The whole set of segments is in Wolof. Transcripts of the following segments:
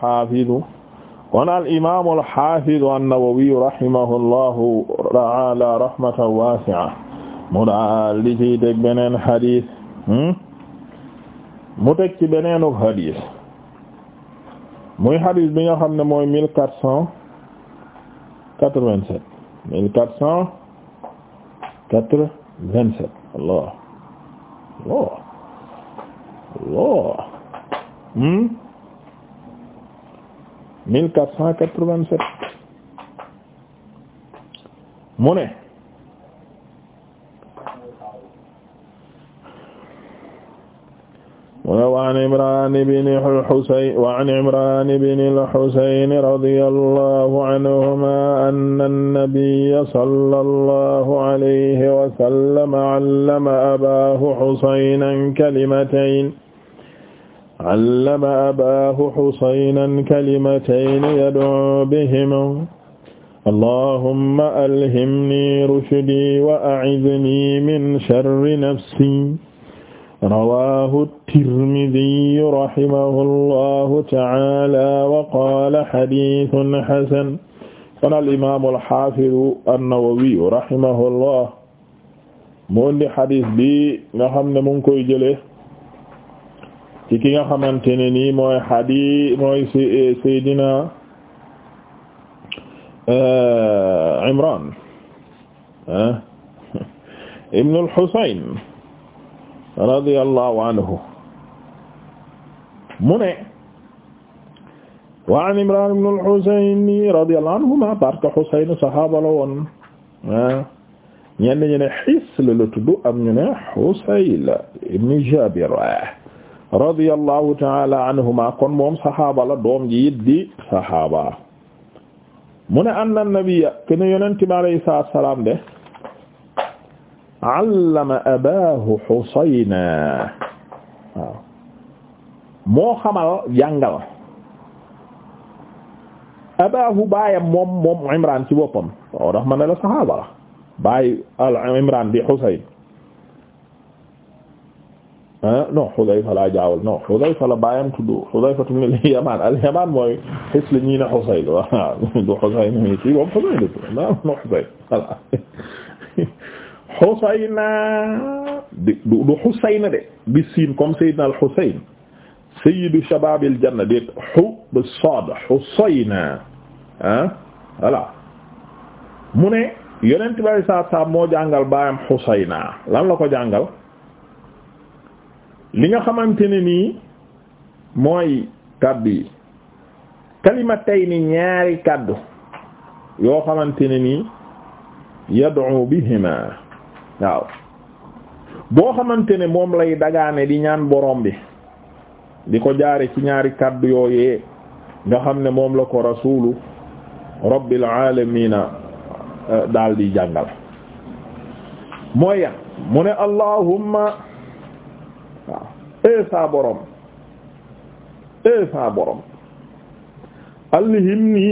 xaafidu kon al imaamu al xaafidu an-Nawawi rahimahullahu mu daal di ciy hmm? mu teg ci beneenu xadis muy xadis bi nga xam ne mooy mille 1487 mu ne mu ne wa an Imraan ibn al-Husayn wa an Imraan ibn al-Husayn radiyallahu anhumaa anna an-nabiyya sallallahu alayhi wa sallam allama abaahu Husaynan kalimatayn allama abaahu xusaynan kalimatayni yad'uu bihimaa allahumma alhimnii rushdii wa a'iznii min sharri nafsii rawaahu tirmidii rahimahu allahu ta'aalaa wa qaala hadiisun hasan kon al-imaamu al-haafidu an-nawawii rahimahu allah mu indi hadiis bi nga xam ne mu ngi koy jëlee ci ki nga xamante ne nii mooy hadi mooy eh, Seydina eh, Imran ah, ibn al-Husayn radiyallahu anhu mu ne wa an Imran ibn al-Husayn radiyallahu anhuma parce que Husayn sahaaba la woon ah, ñenn ñu ne Hisl la tudd am ñu ne Husayl ibn Jabir ah. radiyallahu taala anhuma kon moom saxaaba la doom ji it di saxaaba mu ne anna nabiyya ken yonent bi alayhi salaatu salaam de allama abaahu Husayna waaw moo xamal jàngal abaahu baayam moom moom Imraan ci boppam waaw ndax ma ne la saxaaba la baay al Imraan bi Husayn non Xudayfa laa jaawal non Xudayfa la baayam tudd Xudayfa ibn al-Yamaan al-Yamaan mooy xis la ñii ne Xusayl waaw du Xusayl mi ci moom Xusayl la non Xusayl voilà Xusayna du du Xusayna de bi siin comme Sayyidina al-Xusayn sayyidu shabaabil janna déet xu bi saad Xusayna ah voilà mu ne yonent bi saa saa moo jàngal baayam Xusayna lan la ko jàngal. li nga xamante ne nii mooy kàddu yi ni ñaari kàddu yoo xamante ne nii yad'u bihima waaw boo xamante ne moom lay dagaane di ñaan borom bi di ko jaare ci ñaari kàddu yooyee nga xam ne moom la ko rasuulu rabbil alamina eh, daal di jàngal mooy ya mu ne allahumma ee saa borom ee saa borom alhimni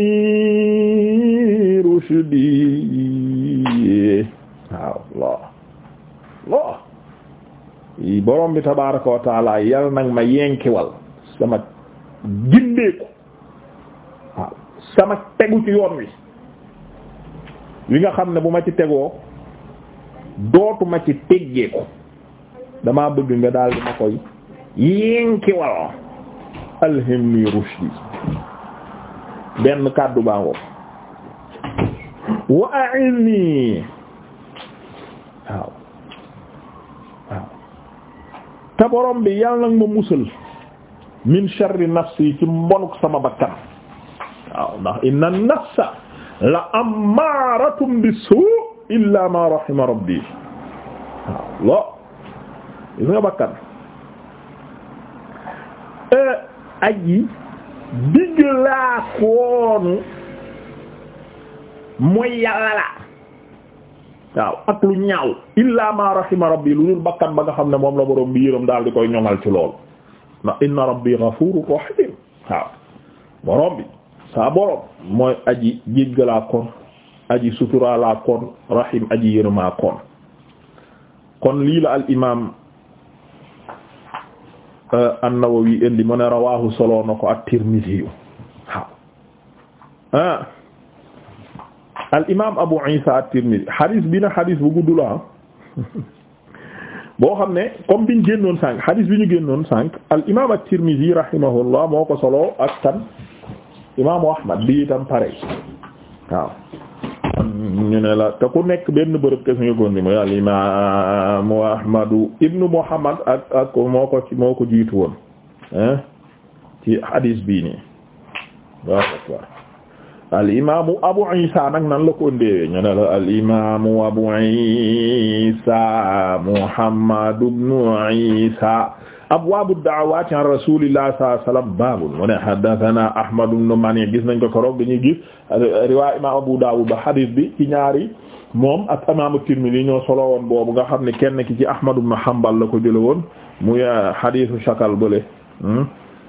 rushdi waaw loo loo borom bi tabaaraka wa yal nag ma yenkiwal sama gindeeku waaw sama tegu ci yoon wi wi nga xam ne bu ma ci tegoo dootuma ci teggeeku damaa bëgg nga daal di ma koy yénkiwal alhimni rushdi benn kàddu baango wa a'inni waaw waaw te borom bi yàlla nag ma musal min sharri nafsi ci mbonuk sama bakkan waaw ndax inna nafsa la ammaratun bisu' illa ma rahima rabbi waaw lo gis nga bakkan Euh, aji diglaakoonu mooy yàlla la waaw ak lu ñaaw illa ma rahima rabbi lu dul bakkat ba nga xam ne moom la borom bi yërëm daal di koy ñoŋal ci loolu ndax inna rabbi ghafurur rahim waaw borom bi saa borom mooy aji jéggalaa kon aji suturaalaa kon rahim aji yërëmaa kon kon lii la al imam Euh, an-Nawawi indi mu ne rawahu solo na ko at-Tirmidhi waaw ah. al imaam Abu Isa at-Tirmidhi xadis bi na xadis bu gudd la ah. boo xam ne comme biñ génnoon sànq xadis bi ñu génnoon sànq al imaam at-Tirmidhi rahimahullah moo ko solo ak tan imaamu Ahmad bi itam pare waaw ñu ne la te ku nekk benn bërëb kese nga ko indi mooy al imaam Ahmadu ibnu Muhammad ak ak moo ko ci moo ko jiitu woon ci hadis bii nii al imaamu Abu Isa nag nan la ko indee ñu ne la al imaamu Abu Isa Muhammad ibnu Isa abwaabu da'awaat an rasuulillah sallallahu alayhi wa sallam baabul mu ne haddathana Ahmad ibn Mani gis nañ ko keroog dañuy gis riwaay imaam Abu Daawud ba hadith bi ci ñaari moom ak imaam Tirmidhi ñoo solo woon boobu nga xam ne kenn ki ci Ahmad ibn Hanbal la ko jëlee woon muy hadithu uh, shakal bële hmm?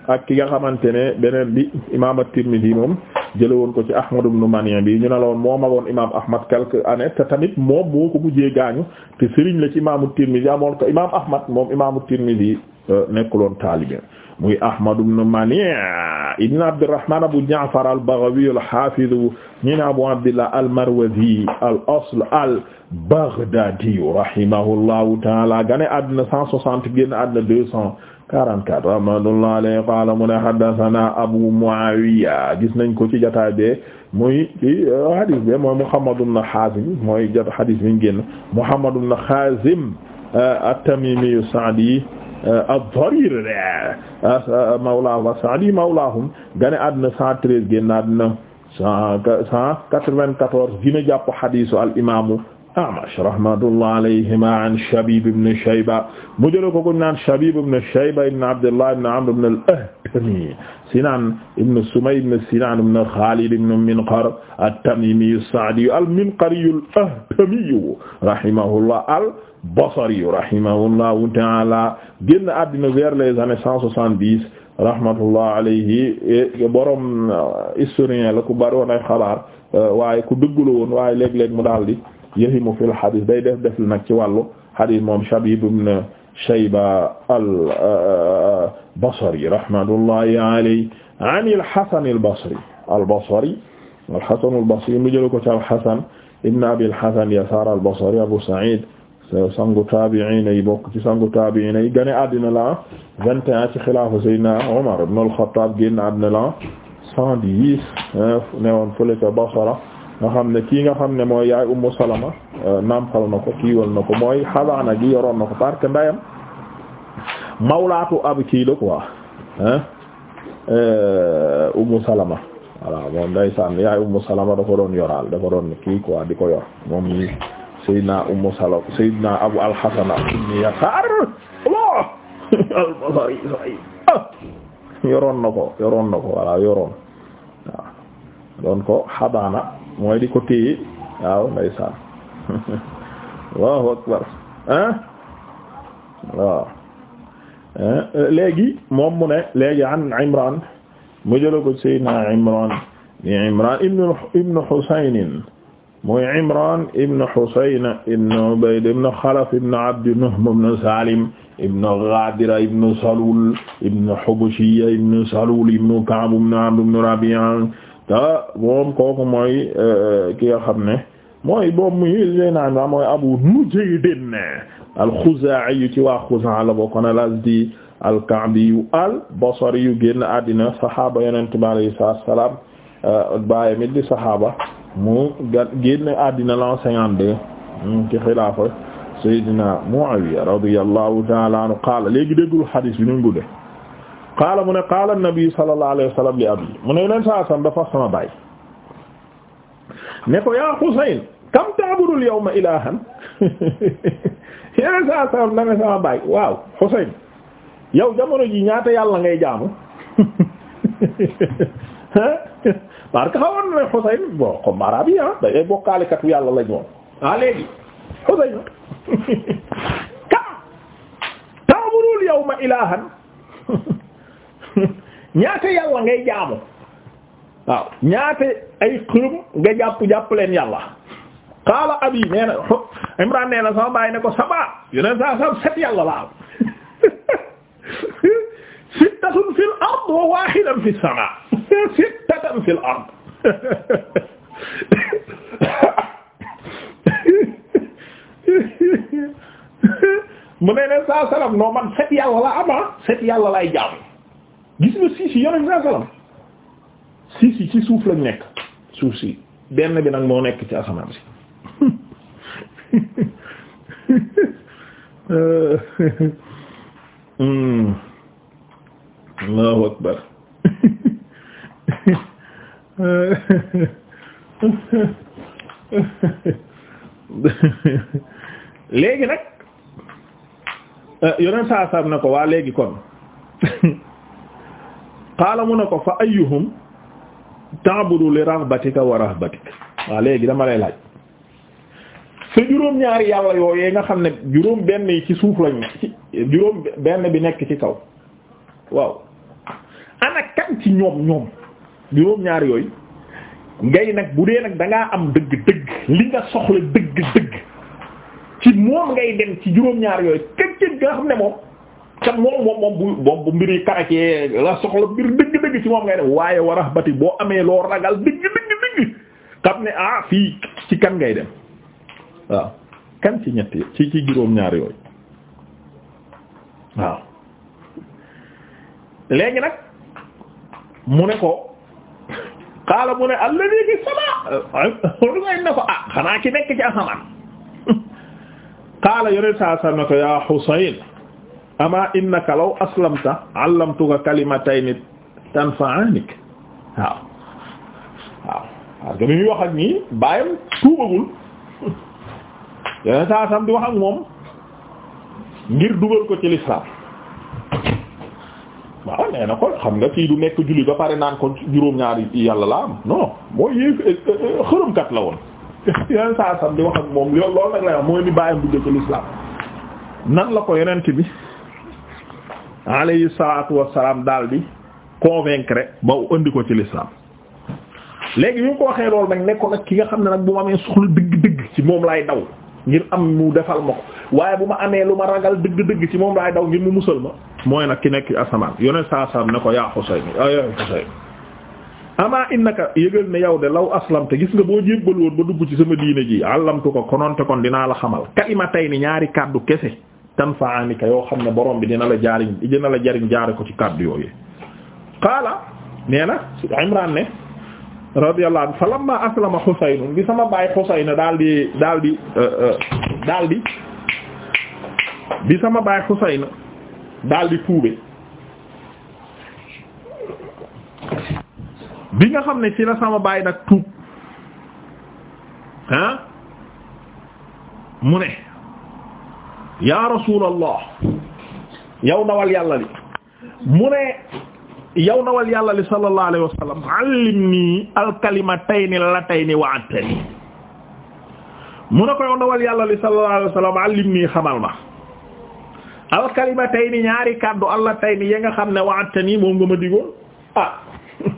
ak ki nga xamante ne beneen bi imaam Tirmidhi moom jëlee woon ko ci Ahmad ibn Mani bi ñu ne la woon moo magoon imaam Ahmad quelques années te tamit moom moo ko mujjee gaañu te sëriñ la ci imaam Tirmidhi amoon ko imaam Ahmad moom imaam Tirmidhi Euh, nekkuloon taalibe muy Ahmad ibn Mani' ibn Abdurrahman Abu Ja'far al-Baghawi al-Hafiz ñi ne Abu Abdillah al-Marwazi al-asl al-Baghdadi rahimahullahu ta'ala gane àddina 160 génn àddina 244 rahmatullahi alayhi qala mu ne haddathana Abu Muawiya gis nañ ko ci jotaay bi muy ci euh, hadis bi mooy Muhammad ibn Hazim mooy jot hadis bi ñu génn Muhammad ibn Hazim euh, at-Tamimi as-Sa'di Euh, ad-Darir euh, euh, mawlaahu as-Sa'di mawlaahum gane àddina 113 génn àddina 194 dina jàpp hadiisu al imaamu Amash ah, rahmatullah alayhima an Shabib ibn Shayba mu jëloon ko guñ naan Shabib ibn Shayba ibn Abdullah ibn Amr ibn al-Ahtami Sinan ibn Sumay ibn Sinan ibn Khalid ibn Minqar at-Tamimi as-Sa'di al-Minqari al-Ahtami rahimahullah al-Basri rahimahullahu ta'ala génn àddina vers les années 170 rahmatullah alayhi borom euh, historien la ku bari woon ay xabaar euh, waaye ku dëggu la woon waaye léeg-léeg mu daal di. yahimu fil xadis day def def li nag ci wàllu xadis moom Shabib ibn Shayba al-Basri rahmatullahi alayhi an al-Hasan al-Basri al-Basri al-Hasan al-Basri mu jël ko ci al-Hasan ibn Abi al-Hasan Yasar al-Basri Abu Sa'id sangu taabi'iin yi bokk ci sangu taabi'iin yi gane àddina la 21 ci xilaafa Seydina Umar ibn al-Khattab génn àddina la 110 newoon fële ca Basra nga xam ne kii nga xam ne mooy yaay Ummu Salama euh, nampal na ko kiiwal na mooy xabaana gi yoroon na ko parce que ndayam mawlaatu ab kii la quoi hein euh, Ummu Salama voilà moom ndeysaan yaay Ummu Salama da ko doon yoraal da ko doon kii quoi di ko yor moom ñi Seydina Ummu Salama Seydina Abu al-Hasan ibn Yasar Allah al-Basri ah! yoroon na ko yoroon na ko voilà yoroon waaw doon ko xabaana mooy di ko téye waaw ndeysaan Allahu akbar ah waaw léegi moom mu ne léegi an Imran mu jëla ko Seydina Imran di Imran ibn ibn Husayn mooy Imran ibn Husayn ibn Ubayd ibn Khalaf ibn Abd Nuhm ibn Salim ibn Ghadira ibn Salul ibn Hubashiyya ibn Salul ibn Ka'b ibn Amr ibn Rabi'a te moom kooku mooy euh, ki nga xam ne mooy boobu muy Zeyna naa mooy Abu Nujaydin al-Khuzaa'i ci waa Khuzaa la bokkoon al-Azdi al-Ka'bi al-Basri yu génn àddina saxaaba Yonent bi alayhi salaam euh, baay mi di saxaaba mu génn àddina l'an cinquante-deux hmm, ci xilaafa Seydina Muawiya radiyallahu ta'ala anhu qaala léegi déggul xadiis bi ñu ngi qaala mu ne qaala an-nabi sallallahu alayhi li abi mu ne leen saa sam dafa sama baay ne ko yaa Husayn kam ta'budul yawma ilaahan yeneen saa sam na ne sama baay waaw Husayn yow jamono ji ñaata yàlla ngay jaamu parce que xawoon na ne Husayn bon comme arabe yi ah day bokkaalikatu yàlla lañ woon ah léegi Husayn kam ta'budul yawma ilaahan ñaata yàlla ngay jaamu waaw ñaata ay xërëm nga jàpp jàpp leen yàlla xaala abi nee na Imran nee na ko sabaa yeneen saa sam set yàlla laaw sittatun fil ard wa wahidan fis samaa sittatun fil ard mu ne neen saa salam noo man set yàlla la ama ah, jaamu gis nga siis yi saa salaam siis ci suuf lañ nekk suuf si benn bi nag moo nekk ci asamaan si hmm. léegi nag eh, yonent saa salaam ne ko waa léegi kon qaala mu ne ko fa ayyuhum ta'budu li raghbatika wa rahbatika waaw léegi dama lay laaj sa juróom ñaari yàlla yooyee nga xam ne juróom benn yi ci suuf lañ nekk bi nekk ci kaw waaw ana kan ci ñoom ñoom juróom ñaari yooyu ngay nag bu dee nag da am dëgg-dëgg li nga soxla dëgg-dëgg ci moom ngay dem ci juróom ñaari yooyu këccëg nga xam ne moom ca moom moom moom bu moom bu mbiri karacee la soxla mbir dëgg-dëgg ci moom ngay dem waaye war bati boo amee loo ragal dëgg dëgg dëgg xam ne ah fii ci kan ngay dem waaw kan ci ñett ci juróom-ñaar yooyu waaw léegi nag mu ne ko xaala mu ne alladi gi sama ah xanaa ki nekk ci asamaan xaala yoneen saa saa ne ko yaa Husayn ama innaka law aslamta allamtuka kalimatayn tanfa'anik waaw waaw parce que bi wax ak nii bàyyam tuubagul yeneen saa sam di wax ak moom ngir dugal ko ci lislaam waaw nee na ko xam nga kii du nekk julli ba pare naan ko juróom-ñaari yàlla la am non mooy yéeg euh, euh, xërëmkat la woon yeneen saa sam di wax ak moom loolu nag la wax mooy ni bàyyam dugg ci lislaam nan la ko yonent bi alayhi salaatu wassalaam daal bi convaincre ba andi ko ci l'islam léegi bi ñu ko waxee loolu nag nekkoon nag ki nga xam ne nag bu ma amee soxla dëgg-dëgg ci moom laay daw ngir am mu defal ma waaye bu ma amee lu ma ragal dëgg-dëgg ci moom laay daw ngir mu musal ma mooy nag ki nekk asamaan yoneen saa saam ne ko yaa Husayn yaa Husayn amaa innaka yëgal ne yow de law aslam te gis nga boo jébbal woon ba dugg ci sama diine ji àllamtu ko kononte kon dinaa la xamal kalimatayni ñaari kàddu kese tanfa'anika yoo xam ne borom bi dina la jaariñ dina la jariñ jaare ko ci kàddu yooyu qaala nee na Imraan ne radiyallahu anhu falamma aslama Husaynun bi sama baay Husayna daal di daal di euh, euh, daal di bi sama baay Husayna dal di tuube bi nga xam ne ci la sama baay nag tuub ah mu ne yaa rasuulallah yow nawal wal li mu ne yow nawal yàlla li sallallahu alayhi wa sallam allimni alkalimatayni mu ne ko yow nawal yàlla li sallallahu alayhi wa sallam allimni xamal ma alkalimatayni ñaari kàddu allatayni ya nga xam ne wa'adtani moom nga ma digoon ah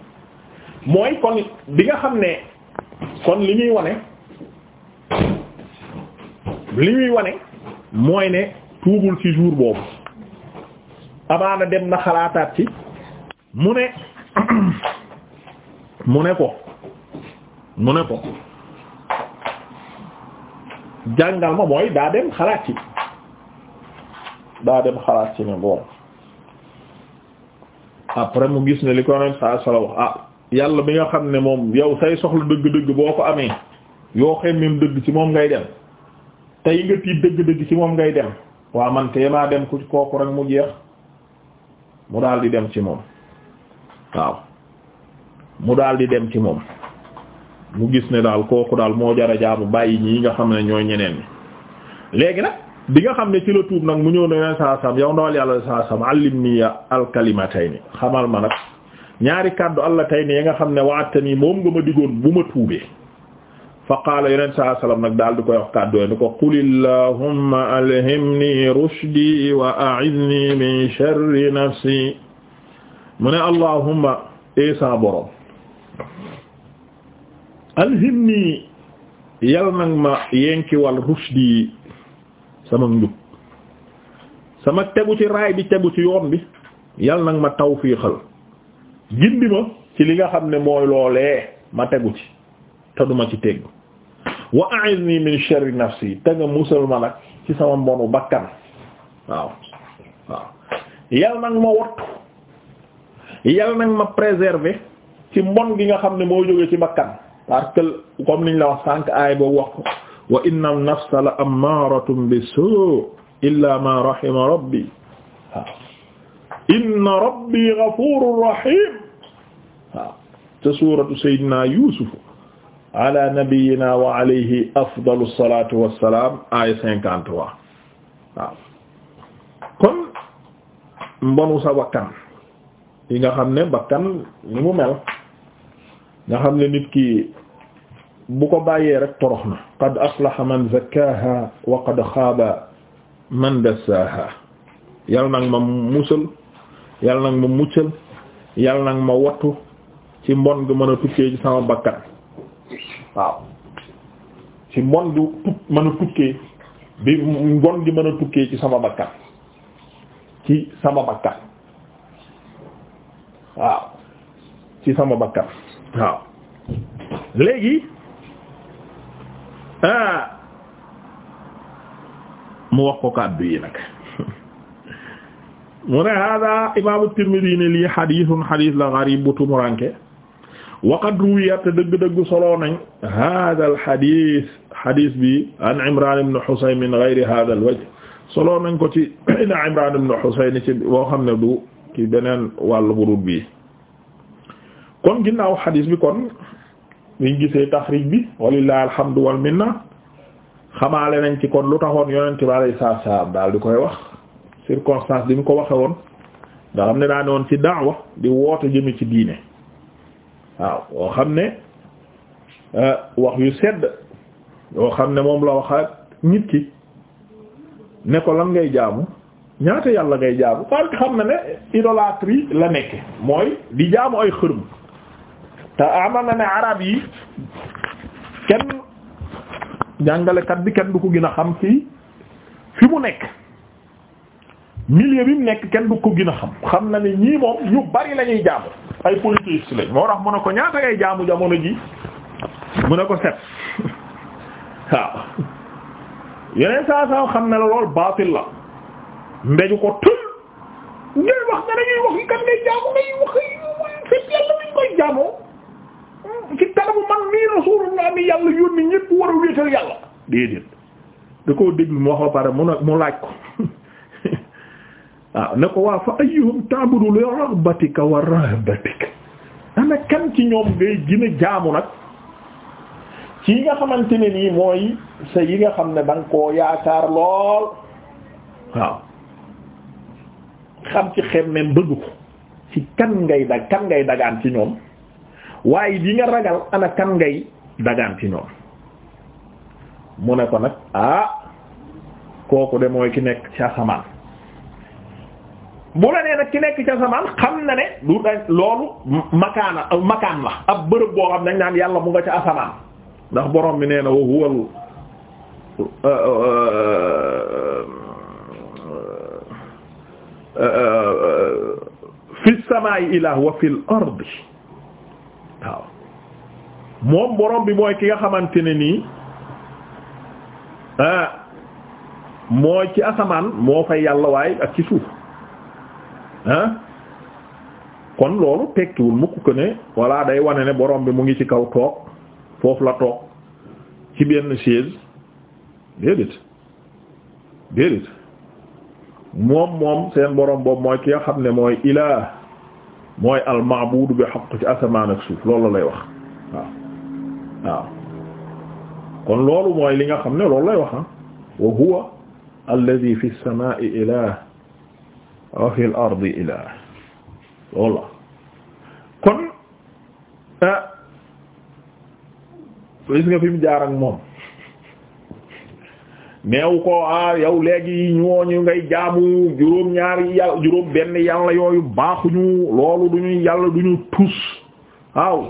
mooy kon bi nga xam ne kon li ñuy wane li ñuy wane mooy ne tuubul ci jour boobu amaana dem na xalaataat ci mu ne mu ne ko mu ne ko jàngal ma mooy daa dem xalaat ci daa dem xalaat ci ne bon après mu gis ne li ko neen saa sala wax ah yàlla bi nga xam ne moom yow say soxla dëgg-dëgg boo ko amee yoo xem mim dëgg ci moom ngay dem tey nga tiit dëgg-dëgg ci moom ngay dem waa man tee maa dem ku kooku rek mu jeex mu daal di dem ci moom waaw mu daal di dem ci moom mu gis ne daal kooku daal moo jara jaabu bàyyi ñii nga xam ne ñooy ñeneen ñi léegi nag bi nga xam ne ci la tuub nag mu ñëw ne leen saa sam yow ndawal yàlla saa sam allimni alkalimatayni xamal ma nag ñaari kàddu allah tayni yi nga xam ne waatani moom nga ma digoon bu ma tuubee fa qaala yonent saa salaam nag daal di koy wax kàddu yi ni ko qul allahumma alhimni rushdi wa a'idni min nafsi mu ne allahumma eesa eh borom alhimni yal nag ma yenkiwal rushdi sama njub sama tegu ci raay bi tegu ci yoon bi yal nag ma tawfiixal gindi ma ci li nga xam ne mooy loolee ma tegu ci te duma ci teggu wa a'izni min sharri nafsi te nga musal ma nag ci sama mbonu bakkan waaw waaw yal nag ma wattu yal ci mbon gi nga xam ne moo jógee ci bakkan parce que comme niñ la wax sànq aay boobu wax ko wa inna an-nafsa la ammaaratun bis-suu' illaa maa rabbi waaw rabbi ghafuurun rahiim waaw te suuratu sayyidina ala nabiyyina wa alayhi afdalu salatu wassalam ay cinquante trois waaw kon mbonu sa bakkan yi nga xam ne bakkan ni mu mel nga xam ne nit ki bu ko bàyyee rek torox na qad aflaha man zakkaha wa qad xaaba man dassaha yal nag ma musal yal nag ma muccal yal nag ma wattu ci mbon gi mën a tukkee ci sama bakkan waaw ci mbon gi tukk mën a tukkee bi mbon gi mën a tukkee ci sama bakkan ci sama bakkan waaw ci sama bakkan waaw léegi ah, mu wax ko kàddu yi nag mu ne hada imam Tirmidhi lii hadithun hadith la gharib bu tumuranke waqad ruwiya te dëgg-dëgg solo nañ hada al hadith bi an Imran ibn Husayn min ghayri hada al solo nañ ko ci ina Imran ibn Husayn ci boo xam ne du ci beneen wàllu burut bi kon ginnaaw hadith bi kon liñ gisee taxrij bi walillahi alhamdu wal minna xamaale nañ ci kon lu taxoon ci bi alayhi salaam daal di koy wax circonstance bi mu ko waxe woon nga xam ne daa ne woon ci daawa di woote jëme ci diine waaw woo xam ne euh, wax yu sedd yoo xam ne moom la waxaat nit ki ne ko lan ngay jaamu ñaata yàlla ngay jaamu parce xam na ne idolâtrie la nekk mooy di jaamu ay xërëm te amal ne arab yi kenn jàngalekat bi kenn du ko gin a xam ci fi mu nekk milieu bi mu nekk kenn du ko gën a xam xam na ne ñii moom ñu bari la jaamu ay politique lañ moo tax mu ne ko ñaata ngay jaamu jamono ji mu ne ko set waaw yeneen saa saa xam ne lool baatil la mbeju ko tël ngay wax nga dañuy wax yi kat ngay jaamu ngay wax set yàlla muñ koy jaamoo ci tarabu man mii rasulullah mi yàlla yónni ñépp war a wéetal yàlla déedéet da koo déglu mu wax ba pare mu ne mu laaj ko waaw ne ko waa fa ayyuhum ta'budu li wa rahbatika ana kan ci ñoom ngay gina jaamu nag ci nga xamante ne nii mooy sa yi nga xam ne da koo yaakaar lool waaw xam ci xemmem bëgg ko ci kan ngay dag kan ngay dagaan ci ñoom waaye di nga ragal ana kan ngay dagaan ci ñoom mu ne ko nag ah kooku de mooy ki nekk ci asamaan bu la nee nag ki nekk ca samaan xam na ne du dañ loolu makaana euh, makaan la ab bërëb boo xam dañ naan yàlla mu nga ca asamaan ndax borom bi nee na wa huwal euh, euh, fi samaa'i ilah wa fil ardi waaw moom borom bi mooy ki nga xamante ne nii ah, moo ci asamaan moo fay yàlla waay ak ci suuf ah kon loolu tekkiwul mukk ko ne walla day wane ne boroom bi mu ngi ci kaw toog foofu la toog ci benn chaise déedéet déedéet moom moom seen borom boobu mooy ki nga xam ne mooy ilah mooy almaabudu bi xaq ci asamaan ak suuf loolu lay wax waaw waaw kon loolu mooy li nga xam ne loolu lay wax ah wa huwa alladhi fi as-samaa'i wa fil ardi ilah loolu kon ah, gis nga fi mu jaar moom neew ko ah yow léegi ñooñu ngay jaamu juróom ñaari yàlla juróom benn yàlla yooyu baaxuñu loolu duñu yàlla duñu tus waaw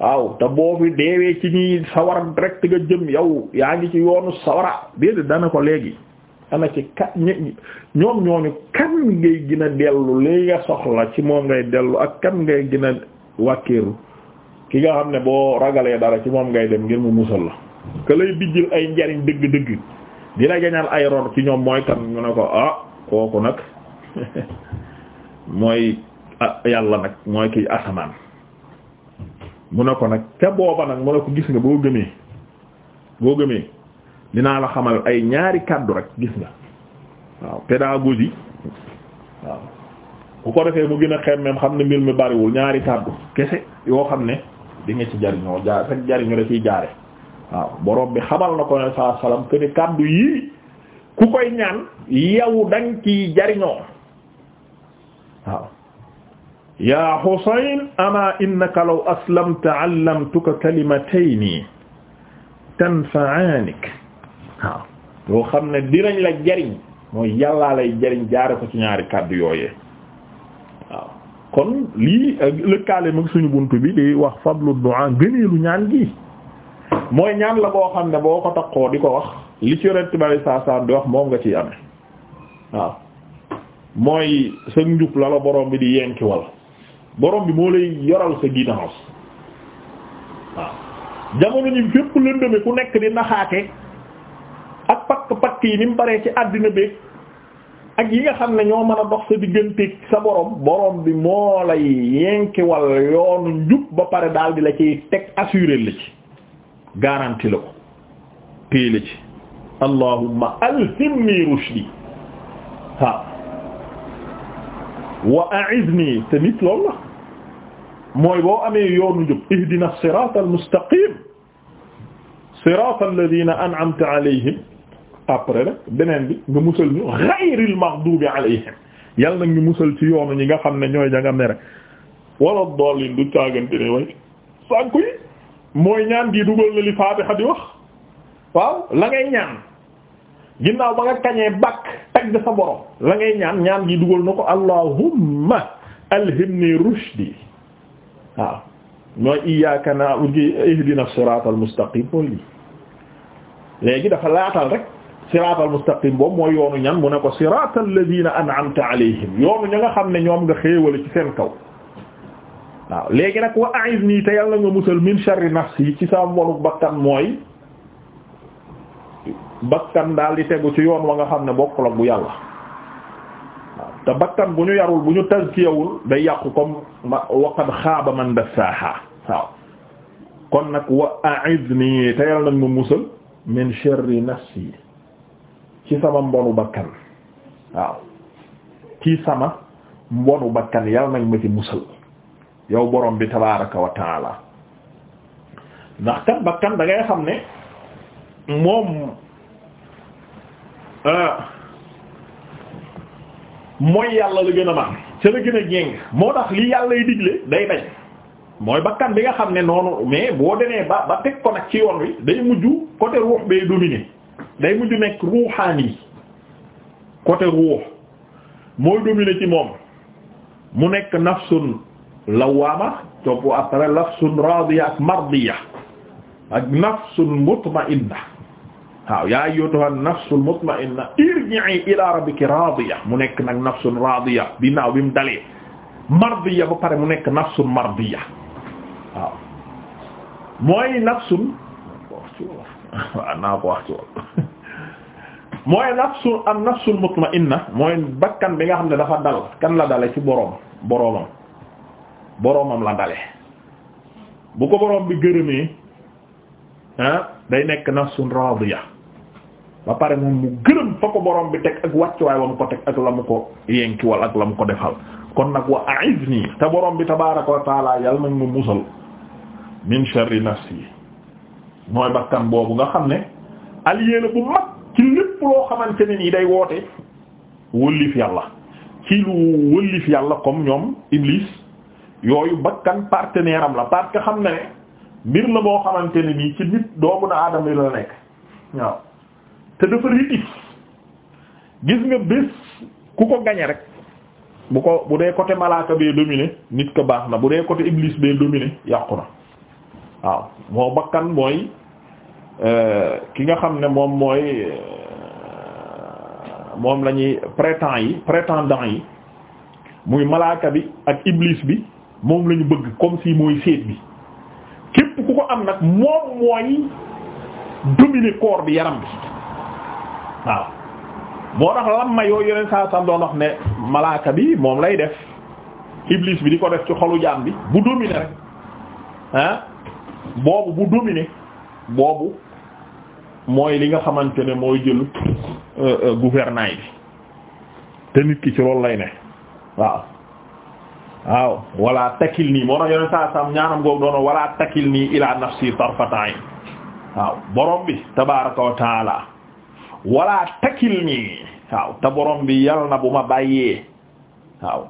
waaw te boo fi deewee ci ñuy sawar direct nga jëm yow yaa ngi ci yoonu sawara déedéet dana ko léegi ana ci kat ñoom ñooñu kan ngay gën dellu li nga soxla ci moom ngay dellu ak kan ngay gën a ki nga xam ne boo ragalee dara ci moom ngay dem ngir mu musal la que lay ay njariñ dëgg-dëgg di la gañal ay ror ci ñoom mooy kan ñu ne ko ah kooku nag mooy yàlla nag mooy kiy asamaan mu ne ko nag ca booba nag mu ne ko gis nga boo gëmee boo gëmee dinaa la xamal ay ñaari kàddu rek gis nga waaw pédagogie waaw bu ko defee mu gën a xemmem xam ne mbir mi bariwul ñaari kàddu kese yoo xam ne dinga ci jariñoo jaar rek jariñu da ciy jaare waaw borom bi xamal na ko ne saa salaam que kàddu yii ku koy ñaan yow dang ciy jariñoo waaw yaa Husayn ama innaka law aslamta allamtuka kalimatayni tanfa'anik waaw yoo xam ne dinañ la jariñ mooy yàllaa lay jariñ jaare ko ci ñaari kàddu yooyee waaw kon lii lëkkaale mag suñu bunt bi di wax fadlu du'a gëneelu ñaan gi mooy ñaan la boo xam ne boo ko takkoo di ko wax li ci yonent bi alay saa salaam di wax moom nga ciy amee waaw mooy sa njub la la borom bi di yenki wal borom bi moo lay yoral sa ginnaaw waaw jamono ñi fépp lëndëme ku nekk di naxaate pakk pakk yi ni mu baree ci àddina beeg ak yi nga xam ne ñoo mën a dox sa digganteeg sa borom borom bi moo lay yenkiwal yoonu njub ba pare daal di la ciy teg assuré la ci garanti la ko téye la ci allahumma alhimni rushdi waaw wa a'izni te nit loolu la mooy boo amee yoonu njub ihdina siratal mustaqim siratal ladina an'amta alayhim après nag beneen bi nga musal ñu ghayril maghdubi alayhim yàlla nag ñu musal ci yoonu ñi nga xam ne ñooy ña nga mere wala doolin du caagante ne way sànku yi mooy ñaan gi dugal na li Faatiha di wax waaw la ngay ñaan ginnaaw ba nga kañee bàkk tagg sa borom la ngay ñaan ñaan gi dugal na ko allahumma alhimni rushdi waaw mooy iyyaka na'budu ihdina siratal mustaqim mooy lii léegi dafa laatal rek si siraatal mustaqim boobu mooy yoonu ñan mu ne ko siraatal ladina an'amta alayhim yoonu ña nga xam ne ñoom nga xéewale ci seen kaw waaw léegi nag wa a'izni te yàlla nga musal min sharri nafsi ci sama mbonu bakkan mooy bakkan daal di tegu ci yoon wa nga xam ne bokkul ak bu yàlla te bakkan bu ñu yarul bu ñu tazkiyawul day yàqu comme ma xaaba man dassaaha kon nag wa a'izni te yàlla nga musal min sharri nafsi ci sama mbonu bakkan waaw ci sama mbonu bakkan yàlla nañ ma ci musal yow borom bi tabaraka wa taala ndax kat bakkan da xam ne moom euh, mooy yàlla la gën a man ca la gën a jéng moo tax li yàlla y digle day bañ mooy bakkan bi nga xam ne noonu mais boo demee ba ba teg ko nag ci yoon wi day mujj côté ruux bay dominer mu mujj nekk ruuxaani côté ruux mooy dominer ci moom mu nekk nafsun lawaama topp après nafsun raadiya ak mardiya ak nafsun mutma'inna waaw yaa ayyatuha nafsul mutma'inna irji'i ila rabbiki raadiya mu nekk nag nafsun raadiya dinaaw bi mu dalee mardiya ba pare mu nekk nafsun mardiya waaw mooy nafsun waaw naa ko wax ci wàll mooy nafsul am nafsul mutma'inna mooy bakkan bi nga xam ne dafa dal kan la dale ci boroom boroomam boroomam la dale bu ko boroom bi gërëmee ah day nekk nafsun radiya ba pare moom mu gërëm fa ko boroom bi teg ak wàccuwaay wa mu ko teg ak la mu ko yenki wal ak la mu ko defal kon nag wa a'izni te boroom bi tabaaraka wa ta'aala yàlla nañ mu musal min sharri nafsi mooy bakkan boobu nga xam ne allié la bu mag ci lépp loo xamante ne nii day woote wëllif yàlla ci lu wëllif yàlla comme ñoom Iblis yooyu bakkan partenaire am la parce que xam na ne mbir la boo xamante ne nii ci nit doomu na aadama la nekk waaw te dafa ritif gis nga bés ku ko gañe rek bu ko bu dee côté malaaka bee dominé nit ko baax na bu dee côté Iblis bee dominé yàqu na waaw moo bakkan mooy Euh, ki nga xam ne moom mooy euh, moom la ñuy prétend yi prétendant yi muy malaaka bi ak iblis bi moom lañu bëgg comme si mooy seet bi képp ku ko am nag moom mooy dominer corps bi yaram bi waaw moo tax lamma yooyu yeneen saa sam doon wax ne malaaka bi moom lay def iblis bi di ko def ci xolu jaam bi bu dominer rek ah boobu bu dominer boobu mooy li nga xamante ne mooy jël euh, euh, gouvernail bi te nit ki ci loolu lay ne waaw waaw wala takil nii moo tax yoneen saa sam ñaanam googu doono wala takil nii ila nafsi tarfata'in waaw borom bi tabaraka wa taala wala takil nii waaw te borom bi yal na bu ma bàyyee waaw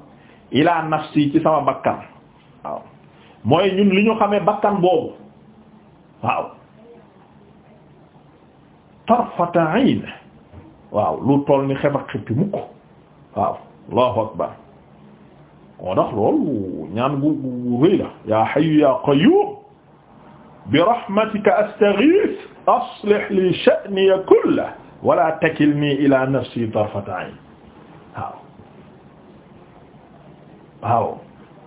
ila nafsi ci sama bakkan waaw mooy ñun li ñu xamee bakkan boobu waaw tarfata ayn waaw lu toll ni xeb ak xippi mukk waaw allahu akbar moo tax loolu ñaan gu gu rëy la yaa hayyu yaa qayyum bi rahmatika astaghith aslih li sha'ni kullahu wala takilni ila nafsi tarfata ayn waaw waaw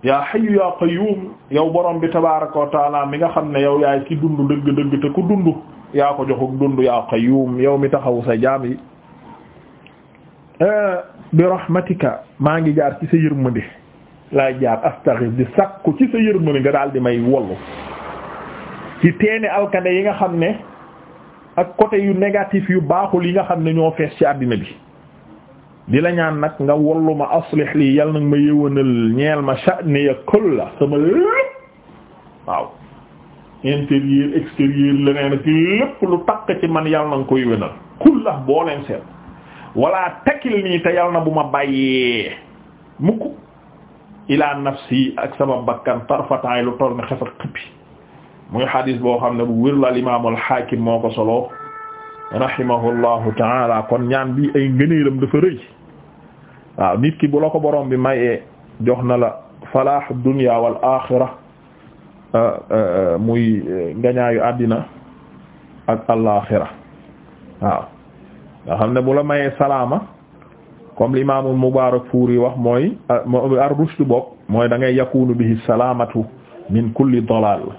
yaa hayyu yaa qayyum yow borom bi tabaaraka wa ta'ala mi nga xam ne yow yaay ki dund dëgg-dëgg te ku dund yaa ko joxug dund yaa qayyum yow mi taxaw sa jaam yi eh, bi rahmatika maa ngi jaar ci sa yërmande laay jaar astaghis di sakku ci sa yërmande nga daal di may wollu ci teene alkande yi nga xam ne ak côté yu négatif yu baaxul yi nga xam ne ñoo fees ci àddina bi di la ñaan nag nga wollu ma aslih lii yal nag ma yëwanal ñeel ma sha'ni ya kulla sama lépp waaw intérieur extérieur leneen ak lu takk ci man yàlla na nga koy wénal kullax boo wala takkil nii te na bu ma bàyyee mukk ilaa nafsi ak sama bakkan tarfataay lu toll ne xefat xippi muy xadis boo xam ne bu wér la imaam al moo ko solo rahimahullahu taala kon ñaan bi ay ngëneelam dafa rëy waaw nit ki bu la ko borom bi mayee jox na la falaaxu dunya muy e, ngañaayu àddina ak allaaxira xam ne bu la mayee salaama comme l'imamul Mubaarak Fuuri wax mooy ar bokk mooy da ngay yakunu bihi salaamatu min kulli dalaal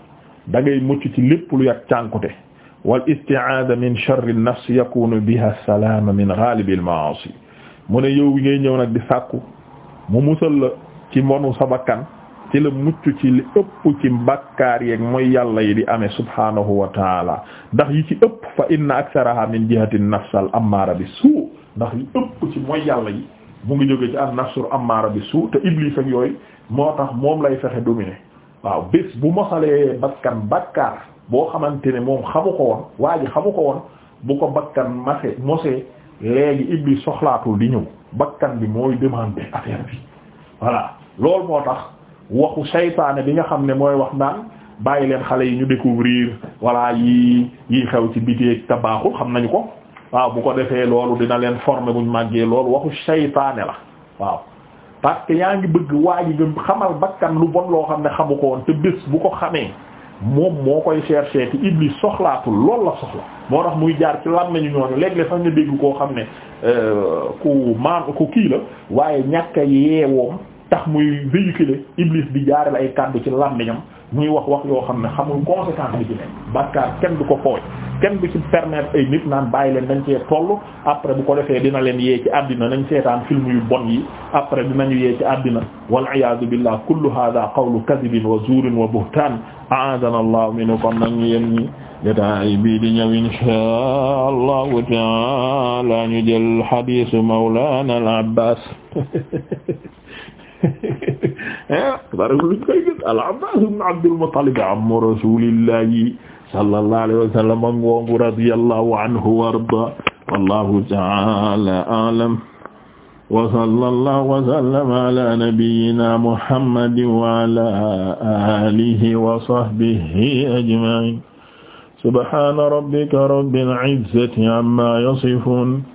da ngay mucc ci lépp lu yàq cànkute wal isti'aada min sharri an-nafs yakunu biha salaama min ghaalibil ma'aasi mu ne yow ngay ñëw nag di sàkku mu musal la ci mbonu sa ci la mucc ci li ëpp ci bakkaar yeeg mooy yàlla yi di amee subhaanahu wa taala ndax yi ci ëpp fa inna aktharaha min jihati nafsal ammaara bi suu ndax yi ëpp ci mooy yàlla yi mu ngi jóge ci am an am ammaara bi suu te iblis ak yooyu moo tax moom lay fexe dominer waaw bés bu mosalee bakkan bakkaar boo xamante ne moom xamu ko woon waa xamu ko woon bu ko bakkan mase mosee léegi iblis soxlaatul di ñëw bakkan bi mooy demander affaire bi voilà loolu moo tax waxu seytaane bi nga xam ne mooy wax naan bàyyi leen xale yi ñu découvrir voilà yi yi xew ci biteeg te baaxul xam nañu ko waaw bu ko defee loolu dina leen former buñ màggee loolu waxu saytaane la waaw parce yaa ngi bëgg waa ji nga xamal bakkan lu bon loo xam ne xamu ko woon te bés bu ko xamee moom moo koy chercher te iblis soxlaatul loolu la soxla moo tax muy jaar ci lan nañu ñooñu léeg-léeg sax nga dégg koo xam ne euh, ku maan ku kii la waaye ñàkk a yeewoom tax muy véhiculer iblis di jaarale ay kàddu ci làmmiñam muy wax wax yoo xam ne xam conséquence bi ci nekk bàkkaar kenn du ko fooy kenn du ci permettre ay nit naan bàyyi leen dañ cee toll après bu ko defee dina leen yee ci àddina nañ seetaan film yu bon yi après dinañu yee ci àddina wal iyaadu billah kullu hada qawlu kadibin wa zuurin wa buhtaan aadana allah minu kon nag ñu yem ñi jotaay bii di ñëw inshaa allahu taala ñu jël hadiisu mawlaana al abbaas Eh, bari luñ koy gis al-Abbaas ibn Abdul Muttalib ammu rasuulillahi sallallahu alayhi wa sallam ak ngoongu radiyallahu anhu wa ardaa wallahu ta'ala a'lam wa sallallahu wa sallama ala nabiyyina Muhammadin wa ala aalihi wa sahbihi ajma'iin subhaana rabbika rabbil izzati amma yasifuun